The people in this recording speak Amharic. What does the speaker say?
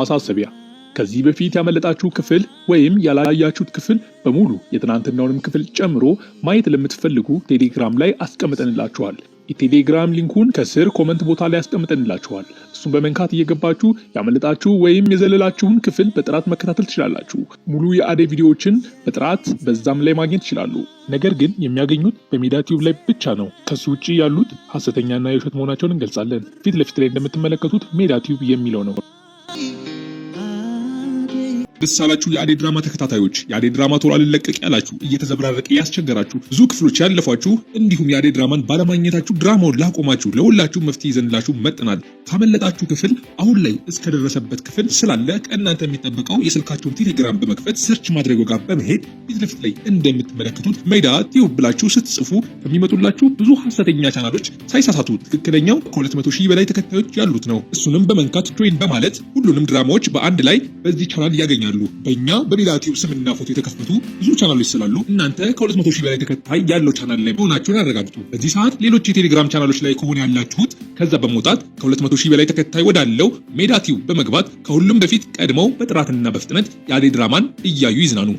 ማሳሰቢያ ከዚህ በፊት ያመለጣችሁ ክፍል ወይም ያላያችሁት ክፍል በሙሉ የትናንትናውንም ክፍል ጨምሮ ማየት ለምትፈልጉ ቴሌግራም ላይ አስቀምጠንላችኋል። የቴሌግራም ሊንኩን ከስር ኮመንት ቦታ ላይ አስቀምጠንላችኋል። እሱን በመንካት እየገባችሁ ያመለጣችሁ ወይም የዘለላችሁን ክፍል በጥራት መከታተል ትችላላችሁ። ሙሉ የአዴ ቪዲዮዎችን በጥራት በዛም ላይ ማግኘት ትችላሉ። ነገር ግን የሚያገኙት በሜዳ ቲዩብ ላይ ብቻ ነው። ከሱ ውጭ ያሉት ሀሰተኛና የውሸት መሆናቸውን እንገልጻለን። ፊት ለፊት ላይ እንደምትመለከቱት ሜዳ ቲዩብ የሚለው ነው። ደስ አላችሁ የአዴ ድራማ ተከታታዮች። የአዴ ድራማ ቶሎ አልለቀቅ ያላችሁ እየተዘብራረቀ ያስቸገራችሁ ብዙ ክፍሎች ያለፏችሁ እንዲሁም የአዴ ድራማን ባለማግኘታችሁ ድራማውን ላቆማችሁ ለሁላችሁ መፍትሄ ይዘንላችሁ መጥናል። ካመለጣችሁ ክፍል አሁን ላይ እስከደረሰበት ክፍል ስላለ ከእናንተ የሚጠበቀው የስልካችሁን ቴሌግራም በመክፈት ሰርች ማድረግ ጋር በመሄድ ፊት ለፊት ላይ እንደምትመለከቱት ሜዳ ቲዩብ ብላችሁ ስትጽፉ ከሚመጡላችሁ ብዙ ሀሰተኛ ቻናሎች ሳይሳሳቱ ትክክለኛው ከ200 ሺህ በላይ ተከታዮች ያሉት ነው። እሱንም በመንካት ጆይን በማለት ሁሉንም ድራማዎች በአንድ ላይ በዚህ ቻናል ያገኛል። ይገኛሉ። በእኛ በሚላቲዩብ ስምና ፎቶ የተከፈቱ ብዙ ቻናሎች ስላሉ እናንተ ከ200 ሺህ በላይ ተከታይ ያለው ቻናል ላይ መሆናችሁን ያረጋግጡ። በዚህ ሰዓት ሌሎች የቴሌግራም ቻናሎች ላይ ከሆነ ያላችሁት ከዛ በመውጣት ከ200 ሺህ በላይ ተከታይ ወዳለው ሜዳ ቲዩብ በመግባት ከሁሉም በፊት ቀድመው በጥራትና በፍጥነት የአደይ ድራማን እያዩ ይዝናኑ።